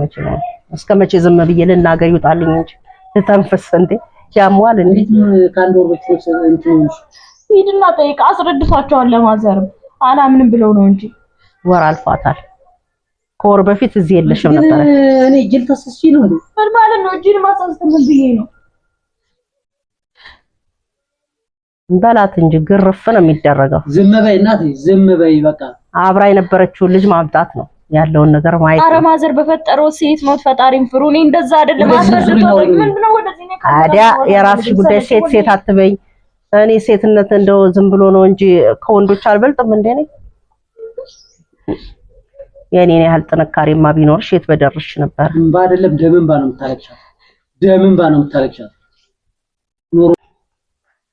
መቼ ነው? እስከ ዝም ብዬ ልናገር? ይውጣልኝ እንጂ ልተንፍስ እንዴ ያሟል እንዴ ካንዶ ወጥቶ እንት ሂድና ጠይቅ። አስረድቷቸዋል። ለማዘርም አላምንም ብለው ነው እንጂ ወር አልፏታል። ከወር በፊት እዚህ የለሽም ነበር። እኔ ጅል ተሰስቺ ነው እንዴ ምን ማለት ነው? እጅል ማሳስተ ምን ብዬ ነው? በላት እንጂ ግርፍ ነው የሚደረገው። ዝም በይ እናቴ፣ ዝም በይ በቃ። አብራ የነበረችውን ልጅ ማምጣት ነው ያለውን ነገር ማየት ነው። ኧረ በፈጠረው ሴት ሞት ፈጣሪም ፍሩ። እኔ እንደዛ አይደለም አስረድቶኝ ምንድነው ወደዚህ ነው ታዲያ የራስሽ ጉዳይ። ሴት ሴት አትበይ። እኔ ሴትነት እንደው ዝም ብሎ ነው እንጂ ከወንዶች አልበልጥም እንዴ ነኝ። የእኔን ያህል ጥንካሬማ ቢኖርሽ የት በደርሽ ነበር። እንባ አይደለም ደምን ባ ነው የምታለቅሻት፣ ደምን ባ ነው የምታለቅሻት።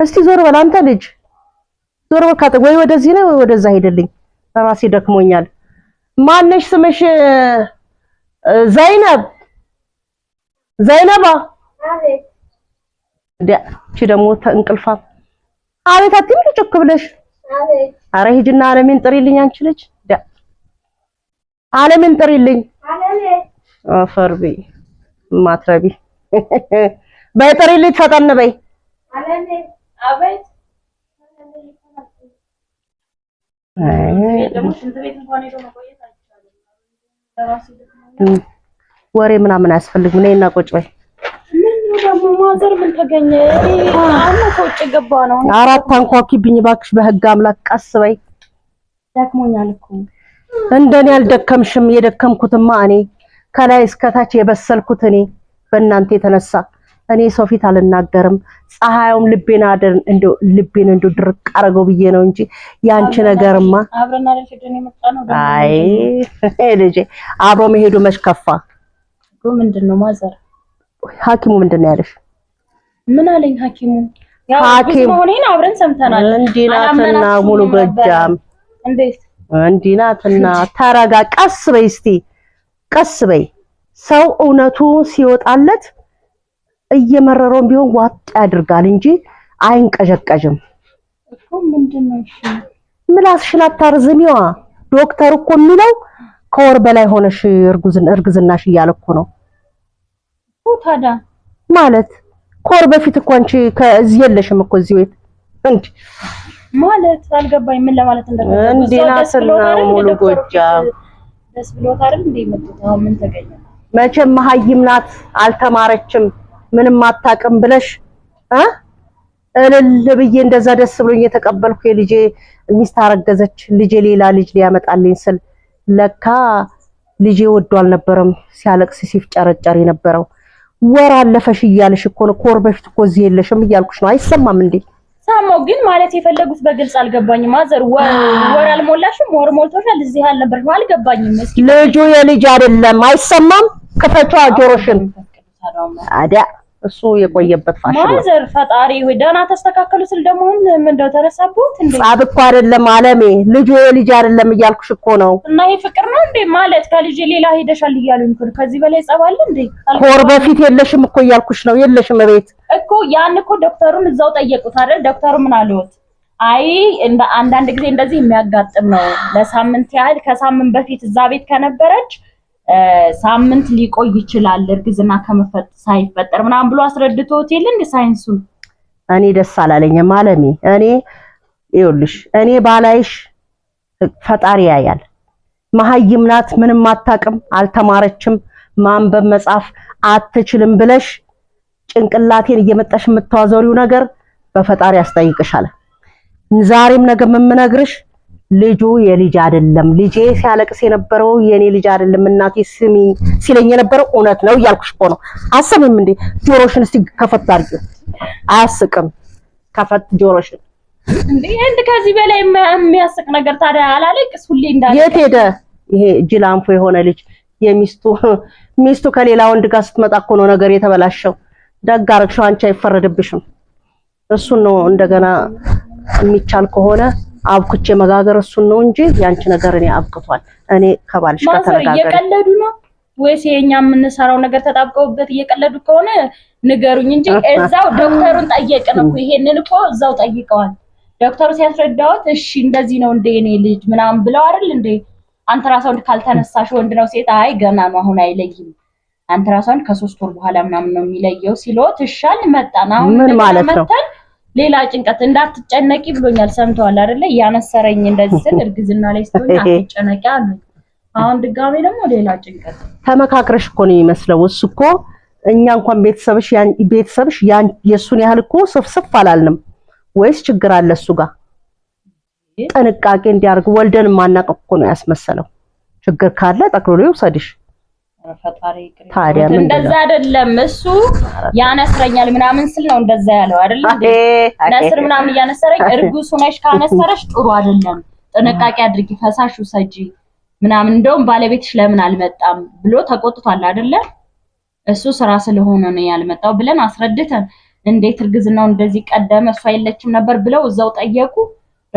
እስቲ ዞር በል አንተ ልጅ ዞር በል ወይ ወደዚህ ነው ወይ ወደዛ ሄደልኝ። ራሴ ደክሞኛል። ማነሽ ስምሽ? ዘይነብ ዘይነባ። እቺ ደግሞ እንቅልፋ። አቤት አትይም ጭክ ብለሽ። አረ ሂጂና አለሜን ጥሪልኝ። አንቺ ልጅ አለሜን ጥሪልኝ። አፈር አፈርቢ ማትረቢ በይ ጥሪልኝ። ፈጠን በይ አቤት ወሬ ምናምን አያስፈልግም። እኔ እና ቁጭ በይ። አራት አንኳኩብኝ እባክሽ፣ በህግ አምላክ ቀስ በይ። እንደኔ አልደከምሽም። የደከምኩትማ እኔ ከላይ እስከታች የበሰልኩት እኔ በእናንተ የተነሳ እኔ ሰው ፊት አልናገርም፣ ፀሐዩም ልቤን አደር እንደው ልቤን እንዶ ድርቅ አደረገው ብዬ ነው እንጂ ያንቺ ነገርማ አይ ልጄ አብሮ መሄዱ መች ከፋ። ምንድን ማዘር፣ ሐኪሙ ምንድን ነው ያለሽ? ምን አለኝ ሐኪሙ? አብረን ሰምተናል። ሙሉ ጎጃም እንዴት ተረጋ፣ ቀስ በይ እስቲ፣ ቀስ በይ ሰው እውነቱ ሲወጣለት እየመረረውን ቢሆን ዋጥ ያድርጋል እንጂ አይንቀዠቀዥም። ምላስሽን አታርዝሚዋ። ዶክተር እኮ የሚለው ከወር በላይ ሆነሽ እርግዝናሽ እያለ እኮ ነው። ታዲያ ማለት ከወር በፊት እኮ አንቺ ከዚህ የለሽም እኮ እዚህ ቤት እንዴ! ማለት አልገባኝ፣ ምን ለማለት እንደሆነ ሙሉ ጎጃም ደስ ብሎታል እንዴ? ምን ተገኘ? መቼም መሀይም ናት፣ አልተማረችም ምንም አታውቅም ብለሽ እልል ብዬ እንደዛ ደስ ብሎኝ የተቀበልኩ የልጄ ሚስት አረገዘች፣ ልጄ ሌላ ልጅ ሊያመጣልኝ ስል ለካ ልጄ ወዶ አልነበረም ሲያለቅስ ሲፍጨረጨር የነበረው። ወር አለፈሽ እያለሽ እኮ ነው። ከወር በፊት እኮ እዚህ የለሽም እያልኩሽ ነው። አይሰማም እንዴ? ሰማው። ግን ማለት የፈለጉት በግልጽ አልገባኝም። አዘር ወር አልሞላሽም፣ ወር ሞልቶሻል፣ እዚህ አልነበርሽም። አልገባኝም። ልጁ የልጅ አይደለም። አይሰማም? ክፈቷ ጆሮሽን ታዲያ እሱ የቆየበት ፋሽን ማዘር ፈጣሪ ወይ ደህና ተስተካከሉ ስል ደግሞ ምን እንደው ተረሳቦት እንዴ? ጻብ እኮ አይደለም አለሜ፣ ልጅ የልጅ አይደለም እያልኩሽ እኮ ነው። እና ይሄ ፍቅር ነው እንዴ ማለት ከልጅ ሌላ ሄደሻል እያሉኝ እኮ ከዚህ በላይ ጸብ እንዴ? ከወር በፊት የለሽም እኮ እያልኩሽ ነው። የለሽም ቤት እኮ ያን እኮ ዶክተሩን እዛው ጠየቁት አይደል? ዶክተሩ ምን አለዎት? አይ እንደ አንዳንድ ጊዜ እንደዚህ የሚያጋጥም ነው። ለሳምንት ያህል ከሳምንት በፊት እዛ ቤት ከነበረች ሳምንት ሊቆይ ይችላል እርግዝና ከመፈጠር ሳይፈጠር ምናምን ብሎ አስረድቶ ሆቴል እንደ ሳይንሱን። እኔ ደስ አላለኝም ማለሜ። እኔ ይኸውልሽ እኔ ባላይሽ ፈጣሪ ያያል። መሀይም ናት፣ ምንም አታውቅም፣ አልተማረችም፣ ማንበብ መጻፍ አትችልም ብለሽ ጭንቅላቴን እየመጣሽ የምታዋዘሪው ነገር በፈጣሪ ያስጠይቅሻል። ዛሬም ነገ የምነግርሽ ልጁ የልጅ አይደለም፣ ልጄ ሲያለቅስ የነበረው የኔ ልጅ አይደለም፣ እናቴ ስሚ ሲለኝ የነበረው እውነት ነው እያልኩሽ እኮ ነው። አሰሚም እንዴ ጆሮሽን እስቲ ከፈት አድርጊው። አያስቅም? ከፈት ጆሮሽን። እንዴ ከዚህ በላይ የሚያስቅ ነገር ታዲያ አላለቅስ ሁሌ እንዳለ የት ሄደ ይሄ ጅላንፎ የሆነ ልጅ? የሚስቱ ሚስቱ ከሌላ ወንድ ጋር ስትመጣ እኮ ነው ነገር የተበላሸው። ደግ አደረግሽው አንቺ፣ አይፈረድብሽም። እሱን ነው እንደገና የሚቻል ከሆነ አብኩቼ መጋገር እሱን ነው እንጂ ያንቺ ነገር እኔ አብቅቷል። እኔ ከባልሽ ጋር ተነጋገር። እየቀለዱ ነው ወይስ የኛ የምንሰራው ነገር ተጣብቀውበት እየቀለዱ ከሆነ ንገሩኝ እንጂ እዛው ዶክተሩን ጠየቅ ነው ይሄንን እኮ እዛው ጠይቀዋል። ዶክተሩ ሲያስረዳውት እሺ እንደዚህ ነው እንደ እኔ ልጅ ምናምን ብለው አይደል እንዴ አንትራሳውንድ ካልተነሳሽ ወንድ ነው ሴት አይ ገና ነው አሁን አይለይም አንትራሳውንድ ከሶስት ወር በኋላ ምናምን ነው የሚለየው ሲሎት እሻል መጣን አሁን ምን ማለት ነው ሌላ ጭንቀት እንዳትጨነቂ ብሎኛል። ሰምተዋል አይደለ? ያነሰረኝ እንደዚህ ስል እርግዝና ላይ ስትሆን አትጨነቂ አሉ። አሁን ድጋሜ ደግሞ ሌላ ጭንቀት። ተመካክረሽ እኮ ነው የሚመስለው። እሱ እኮ እኛ እንኳን ቤተሰብሽ ቤተሰብሽ የእሱን ያህል እኮ ስፍስፍ አላልንም። ወይስ ችግር አለ እሱ ጋር? ጥንቃቄ እንዲያደርግ ወልደን ማናቀቅ እኮ ነው ያስመሰለው። ችግር ካለ ጠቅልሎ ይውሰድሽ። ታዲያ እንደዛ አይደለም። እሱ ያነስረኛል ምናምን ስል ነው እንደዛ ያለው አይደለም እንዴ? ነስር ምናምን እያነሰረኝ እርጉዝ ሆነሽ ካነሰረሽ ጥሩ አይደለም፣ ጥንቃቄ አድርጊ፣ ፈሳሽ ውሰጂ ምናምን። እንደውም ባለቤትሽ ለምን አልመጣም ብሎ ተቆጥቷል አይደለ? እሱ ስራ ስለሆነ ነው ያልመጣው ብለን አስረድተን፣ እንዴት እርግዝናው እንደዚህ ቀደመ እሱ አይለችም ነበር ብለው እዛው ጠየቁ።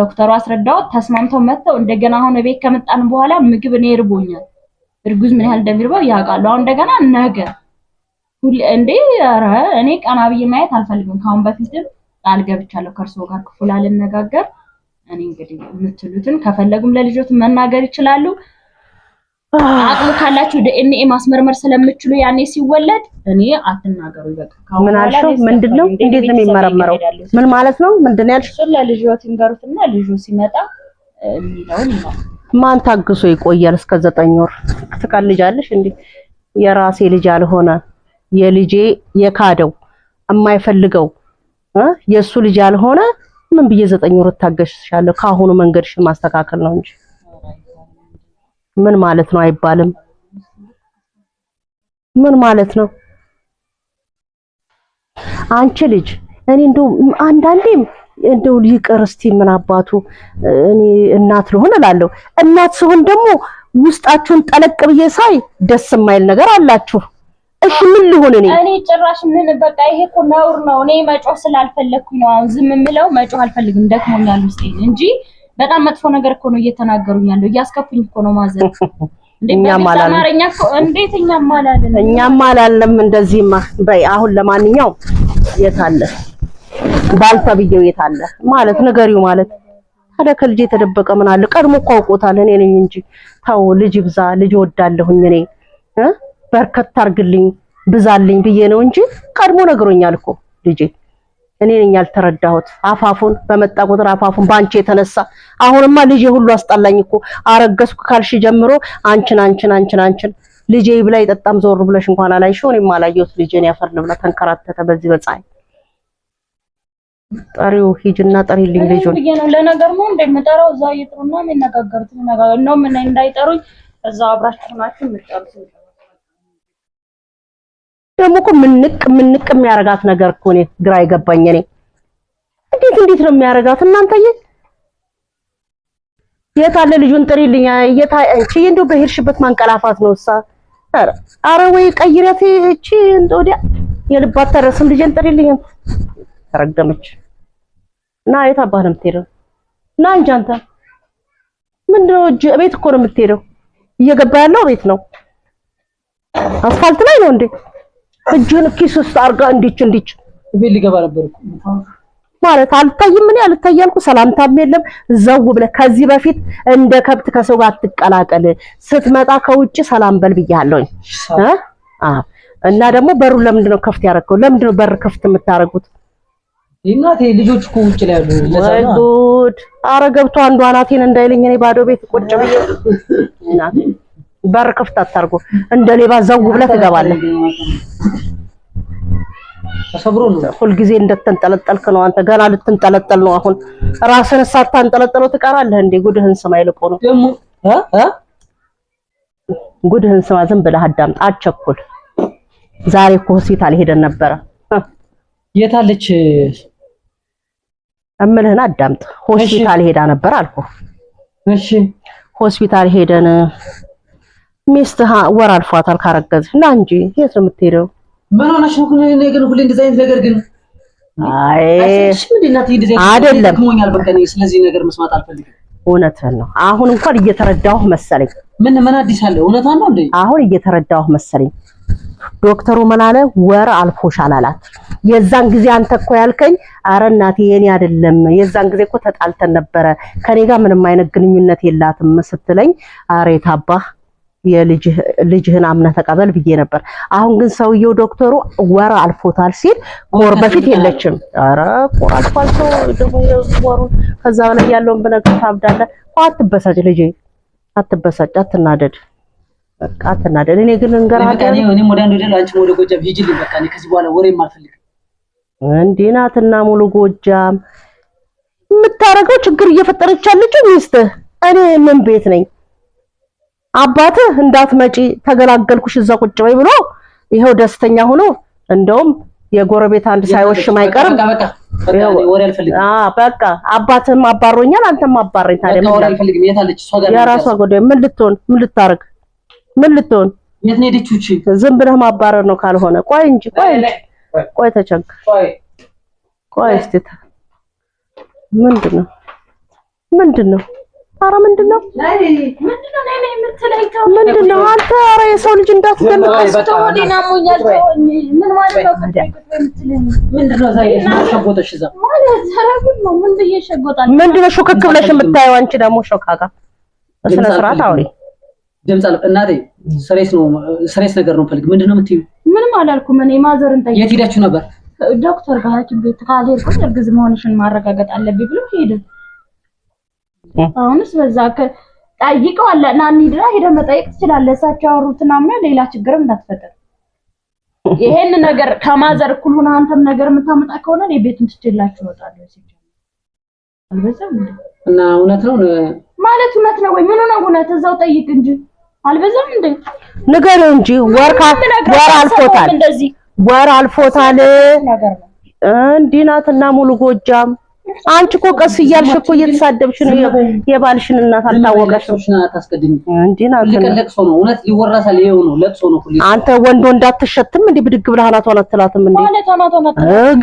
ዶክተሩ አስረዳው፣ ተስማምተው መጥተው እንደገና አሁን ቤት ከመጣን በኋላ ምግብ እኔ እርቦኛል እርጉዝ ምን ያህል እንደሚርበው ያውቃሉ። አሁን እንደገና ነገ እንዴ ኧረ እኔ ቀና ብዬ ማየት አልፈልግም። ከአሁን በፊትም ቃል ገብቻለሁ ከእርሶ ጋር ክፉ ላልነጋገር። እኔ እንግዲህ የምትሉትን ከፈለጉም ለልጆት መናገር ይችላሉ። አቅሙ ካላችሁ ዲኤንኤ ማስመርመር ስለምችሉ ያኔ ሲወለድ እኔ አትናገሩ ይበቃ። ምን አልሽው? ነው እንዴት ነው የሚመረመረው? ምን ማለት ነው? ምንድነው ያልሽው? ለልጆት ይንገሩትና ልጆ ሲመጣ የሚለውን ይላል ማን ታግሶ ይቆያል? እስከ ዘጠኝ ወር ትቀልጃለሽ እንዴ? የራሴ ልጅ ያልሆነ የልጄ የካደው የማይፈልገው የእሱ ልጅ ያልሆነ ምን ብዬ ዘጠኝ ወር እታገስሻለሁ? ከአሁኑ መንገድሽ ማስተካከል ነው እንጂ ምን ማለት ነው አይባልም። ምን ማለት ነው? አንቺ ልጅ እኔ እንደውም አንዳንዴም እንደው ይቅር እስቲ ምን አባቱ እኔ እናት ልሆን እላለሁ። እናት ስሆን ደግሞ ውስጣችሁን ጠለቅ ብዬ ሳይ ደስ የማይል ነገር አላችሁ። እሺ ምን ልሆን እኔ እኔ ጭራሽ ምን በቃ ይሄ እኮ ነውር ነው። እኔ መጮህ ስላልፈለግኩኝ ነው አሁን ዝም የምለው። መጮህ አልፈልግም፣ ደክሞኛል ውስጤን እንጂ በጣም መጥፎ ነገር እኮ ነው እየተናገሩኝ ያለው። እያስከፉኝ እኮ ነው ማዘን እኛም አላልንም እንዴት እኛም አላልንም እኛም አላልንም እንደዚህማ። በይ አሁን ለማንኛውም የት አለ ባል ተብዬው የት አለ ማለት ንገሪው ማለት ታዲያ ከልጅ የተደበቀ ምን አለ? ቀድሞ እኮ አውቆታል። እኔ ነኝ እንጂ ታው ልጅ ብዛ ልጅ ወዳለሁኝ እኔ በርከት አርግልኝ ብዛልኝ ብዬ ነው እንጂ ቀድሞ ነግሮኛል እኮ ልጄ። እኔ ነኝ ያልተረዳሁት። አፋፉን በመጣ ቁጥር አፋፉን በአንቺ የተነሳ አሁንማ ልጄ ሁሉ አስጠላኝ እኮ አረገዝኩ ካልሽ ጀምሮ አንቺን አንቺን አንቺን አንቺን ልጄ ይብላ ይጠጣም ዞር ብለሽ እንኳን አላይሽው። እኔም አላየሁት ልጄን ያፈር ልብላ ተንከራተተ በዚህ በፀሐይ ጠሪው ሂጅና ጠሪልኝ። ልጅ ነው ነው ለነገር ነው እንደምጠራው እዛ ይጥሩና የሚነጋገሩት ነገር ነው። ምን እንዳይጠሩኝ እዛ አብራችሁ ናችሁ የምትጠሩት ደግሞ እኮ ምንቅ ምንቅ የሚያረጋት ነገር እኮ እኔ ግራ ይገባኝ። እኔ እንዴት እንዴት ነው የሚያረጋት? እናንተዬ የት አለ ልጁን ጥሪልኝ። የታ እቺ እንደው በሄድሽበት ማንቀላፋት ነው እሳ። አረ ወይ ቀይረቴ እቺ እንደው ወዲያ የልባት ተረስም ልጅን ጥሪልኝ ተረገመች። ና የት አባህ ነው የምትሄደው? ና እንጂ አንተ ምንድነው? እጅ ቤት እኮ ነው የምትሄደው። እየገባ ያለው ቤት ነው፣ አስፋልት ላይ ነው እንዴ? እጁን ኪስ ውስጥ አርጋ እንዲች እንዲች ቤት ሊገባ ነበር ማለት አልታይም። እኔ አልታይ አልኩ፣ ሰላምታም የለም ዘው ብለህ። ከዚህ በፊት እንደ ከብት ከሰው ጋር አትቀላቀል፣ ስትመጣ ከውጭ ሰላም በል ብያለሁኝ። እና ደግሞ በሩ ለምንድን ነው ከፍት ያደረገው? ለምንድን ነው በር ክፍት የምታደርጉት? እናቴ ልጆች እኮ ውጭ ላይ ያሉ ለሰላም አረ ገብቶ አንዱ አናቴን እንዳይለኝ እኔ ባዶ ቤት ቁጭ ብዬ እናቴ በር ክፍት አታርጉ፣ እንደ ሌባ ዘው ብለህ ትገባለህ። ተሰብሮ ነው ሁልጊዜ እንደተንጠለጠልክ ነው አንተ። ገና ልትንጠለጠል ነው አሁን። ራስን ሳታንጠለጥለው ትቀራለህ እንዴ? ጉድህን ስማ፣ ይልቁ ነው አ ጉድህን ስማ። ዝም ብለህ አዳምጥ፣ አትቸኩል። ዛሬ እኮ ሆስፒታል ሄደን ነበረ። የታለች እምልህን አዳምጥ። ሆስፒታል ሄዳ ነበር አልኩ። እሺ ሆስፒታል ሄደን ሚስትህ ወር አልፏታል ካረገዝሽ እና እንጂ የት ነው የምትሄደው? ምን ሆነሽ ነው? ሁሌ ነገር ሁሌ እንደዛ አይነት ነገር ግን አይ አይደለም። ስለዚህ ነገር መስማት አልፈልግም። እውነትህን ነው። አሁን እንኳን እየተረዳሁህ መሰለኝ። ምን ምን አዲስ አለ? እውነቷን ነው እንዴ? አሁን እየተረዳሁህ መሰለኝ። ዶክተሩ ምን አለ? ወር አልፎሻል አላት። የዛን ጊዜ አንተ እኮ ያልከኝ አረ እናቴ የኔ አይደለም፣ የዛን ጊዜ እኮ ተጣልተን ነበረ ከኔ ጋር ምንም አይነት ግንኙነት የላትም ስትለኝ፣ አረ የታባህ የልጅህን አምነህ ተቀበል ብዬ ነበር። አሁን ግን ሰውየው ዶክተሩ ወር አልፎታል ሲል ከወር በፊት የለችም። አረ ወር አልፏል ሰው ደግሞ ወሩ ከዛ በላይ ያለውን ብነግርህ ታብዳለህ። አትበሳጭ ልጄ፣ አትበሳጭ፣ አትናደድ። በቃ እኔ ግን ወደ አንድ ወደ ወደ ጎጃም ከዚህ በኋላ ናትና ሙሉ ጎጃም የምታደርገው ችግር እየፈጠረች ሚስትህ። እኔ ምን ቤት ነኝ? አባትህ እንዳትመጪ ተገላገልኩሽ እዛ ቁጭ በይ ብሎ ይኸው ደስተኛ ሆኖ እንደውም የጎረቤት አንድ ሳይወሽም አይቀርም። በቃ አባትህም አባሮኛል፣ አንተም አባረኝ። ታዲያ የራሷ ምን ልትሆን ምን ምን ልትሆን የት ነው እቺ ዝም ብለህ ማባረር ነው ካልሆነ። ቆይ እንጂ ቆይ እንጂ ቆይ ተቸገር። ቆይ እስቲ ምንድን ምንድነው? ምንድነው? ነው? ምንድነው? አንተ? ኧረ የሰው ልጅ እንዳትገልጥ። ምንድነው ሹክክ ብለሽ የምታየው አንቺ ደግሞ ሾካካ በስነ ስርዓት አውሪ ድምፅ አለ። እናቴ ስሬስ ነው ስሬስ ነገር ነው ፈልግ ምንድን ነው የምትይው? ምንም አላልኩም እኔ ማዘርን ጠይቅ። የት ሄዳችሁ ነበር? ዶክተር ጋር ሐኪም ቤት ካልሄድኩኝ እርግዝ መሆንሽን ማረጋገጥ አለብኝ ብሎ ሄደ። አሁንስ በዛ ጠይቀዋለሁ እና እንሂድ እና ሄደህ መጠየቅ ትችላለህ። እሳቸው ያወሩትና ምናምን ሌላ ችግርም እንዳትፈጥር። ይሄን ነገር ከማዘር እኩል ሆነህ አንተም ነገር የምታመጣ ከሆነ እኔ ቤቱን ትችላችሁ እወጣለሁ። እና እውነት ነው ማለት እውነት ነው ወይ? ምን ነው እውነት? እዛው ጠይቅ እንጂ አልበዛም እንዴ? ንገረው እንጂ ወር አልፎታል፣ ወር አልፎታል። እንዲህ ናት እና ሙሉ ጎጃም አንቺ እኮ ቀስ እያልሽ እኮ እየተሳደብሽ ነው። የባልሽን እናት አልታወቀሽም። እንዲህ ናት አንተ ወንዶ እንዳትሸትም ብድግ ብለህ አናቷን አትላትም እንዴ?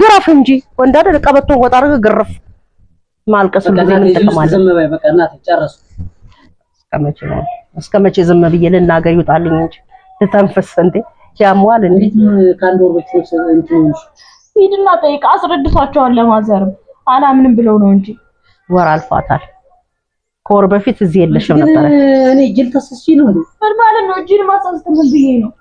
ግረፍ እንጂ ወንድ አይደል? ቀበቶን ወጣ አድርገህ ግርፍ። ማልቀስ ጊዜ እንጠቀማለን። እስከ መቼ ዝም ብዬ ልናገር? ይውጣልኝ እንጂ ልተንፈስ እንዴ ያሟል እንዴ ካንዶ ወጥቶ ሂድና ጠይቅ። አስረድቷቸዋል። ለማዘርም አላምንም ብለው ነው እንጂ ወር አልፏታል። ከወር በፊት እዚህ የለሽም ነበረ። እኔ ጅል ተሰስቺ ነው እንዴ ምን ማለት ነው? ጅል ማሰስት ምን ብዬ ነው?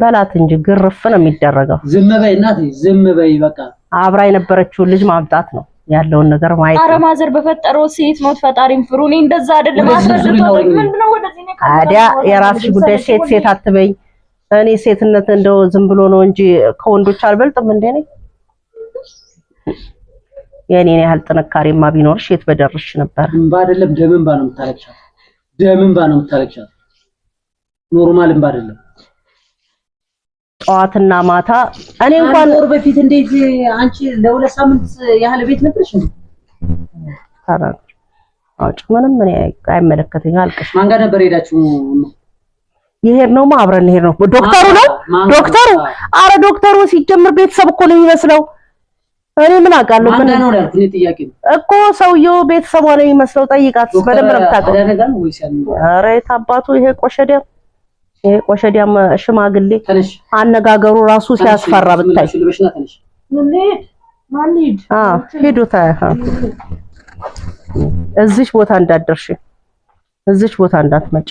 በላት እንጂ ግርፍ ነው የሚደረገው። ዝም በይ እናቴ፣ ዝም በይ በቃ። አብራ የነበረችውን ልጅ ማምጣት ነው ያለውን ነገር ማየት ኧረ ማዘር በፈጠረው ሴት ሞት ፈጣሪን ፍሩ። እኔ እንደዛ አይደለም አስረድቶኝ ምንድነው ወደዚህ ነው ታዲያ የራስሽ ጉዳይ። ሴት ሴት አትበይ። እኔ ሴትነት እንደው ዝም ብሎ ነው እንጂ ከወንዶች አልበልጥም እንዴ ነኝ። የእኔን ያህል ጥንካሬማ ቢኖርሽ የት በደርሽ ነበር። እንባ አይደለም ደምን እምባ ነው የምታለቅሻት። ደም እምባ ነው የምታለቅሻት። ኖርማል እንባ አይደለም ጠዋትና ማታ እኔ እንኳን ወር በፊት እንዴት አንቺ ለሁለት ሳምንት ያህል ቤት ነበርሽ ታራ አጭ ምንም ምን አይመለከተኝ። አልቅሽ ማን ጋር ነበር ሄዳችሁ? ይሄድ ነው አብረን ይሄድ ነው ዶክተሩ ነው ዶክተሩ። አረ ዶክተሩ ሲጀምር ቤተሰብ እኮ ነው የሚመስለው። እኔ ምን አውቃለሁ? ምን ነው ያልኩኝ ጥያቄ ነው እኮ ሰውየው ቤተሰቧ ነው የሚመስለው። ጠይቃት በደንብ ነው የምታውቀው። አረ የታባቱ ይሄ ቆሸዲያ ይሄ ቆሸዲያም ሽማግሌ አነጋገሩ ራሱ ሲያስፈራ ብታይ እዚች ቦታ እንዳደርሽ እዚች ቦታ እንዳትመጪ።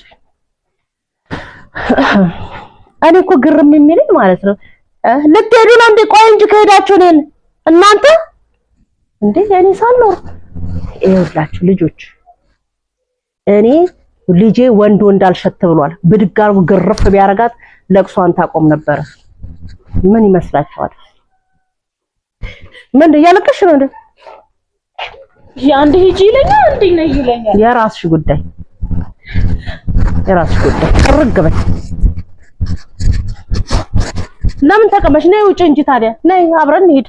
እኔ እኮ ግርም የሚለኝ ማለት ነው ልትሄዱ ነው እንዴ? ቆይ እንጂ ከሄዳችሁ እኔን እናንተ እንዴ እኔ ሳልኖር ይኸውላችሁ ልጆች እኔ ልጄ ወንድ ወንድ አልሸት ብሏል። ብድግ አድርጎ ግርፍ ቢያረጋት ለቅሷን ታቆም ነበር። ምን ይመስላችኋል? ምን እያለቀሽ ነው እንዴ? አንድ ሂጂ ይለኛል፣ አንድ ነይ ይለኛል። የራስሽ ጉዳይ፣ የራስሽ ጉዳይ። ጥርግ በይ። ለምን ተቀመሽ? ነይ ውጭ እንጂ ታዲያ። ነይ አብረን እንሂድ።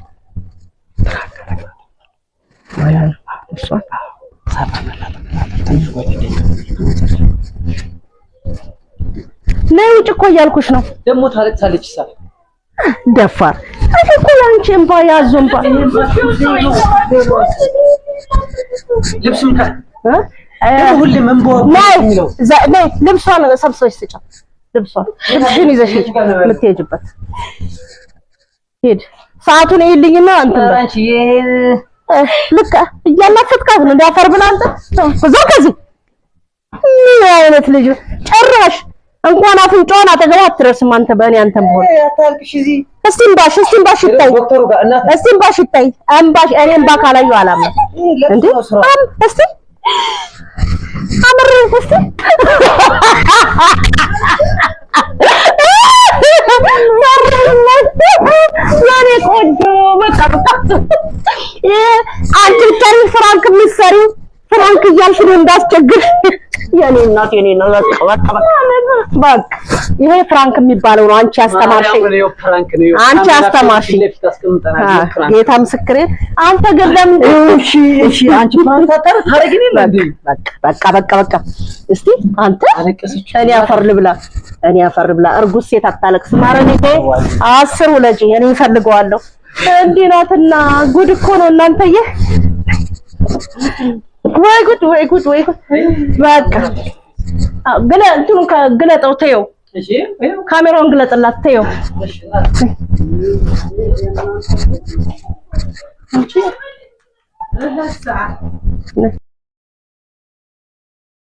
ማያ ነው ነይ ውጭ እኮ እያልኩሽ ነው። ደግሞ ታለቅሳለች። ሳ ደፋር እኮ ያንቺ እምባ ያዞ እምባ ካ ልብሷን ስጫ። ልብሷን ልብስሽን ይዘሽ የምትሄጂበት ሰዓቱን ይልኝና እንትን ልክ እያላፈጥካት ነው። እንዳፈር ብላ አንተ እዛው ከዚህ ምን አይነት ልጅ ጭራሽ እንኳን አፍንጫዋን አጠገብ አትደርስም። አንተ በእኔ አንተ ይታይ ይታይ እምባሽ እኔ እምባ እስቲ አምር እስቲ ቆንጆ አንቺ ብቻ ፍራንክ የምትሰሪው ፍራንክ እያልሽ ነው እንዳስቸግር የኔ እናት የኔ በቃ በቃ በቃ ይሄ ፍራንክ የሚባለው ነው። አንቺ አስተማርሽኝ፣ አንቺ ጌታ ምስክሬ። አንተ እሺ፣ እሺ፣ አንቺ ማንታጠር ታረግኝ። በቃ በቃ በቃ። እስቲ አንተ እኔ አፈር ልብላ፣ እኔ አፈር ልብላ። እርጉዝ ሴት አታለቅስ። አስር ውለጂ፣ እኔ እፈልገዋለሁ። እንዲህ ናትና ጉድ እኮ ነው እናንተዬ ወይ ጉድ ወይ ጉድ! በቃ ግለ እንትኑን ግለጠው፣ ተይው፣ ካሜራውን ግለጥላት፣ ተይው። እሺ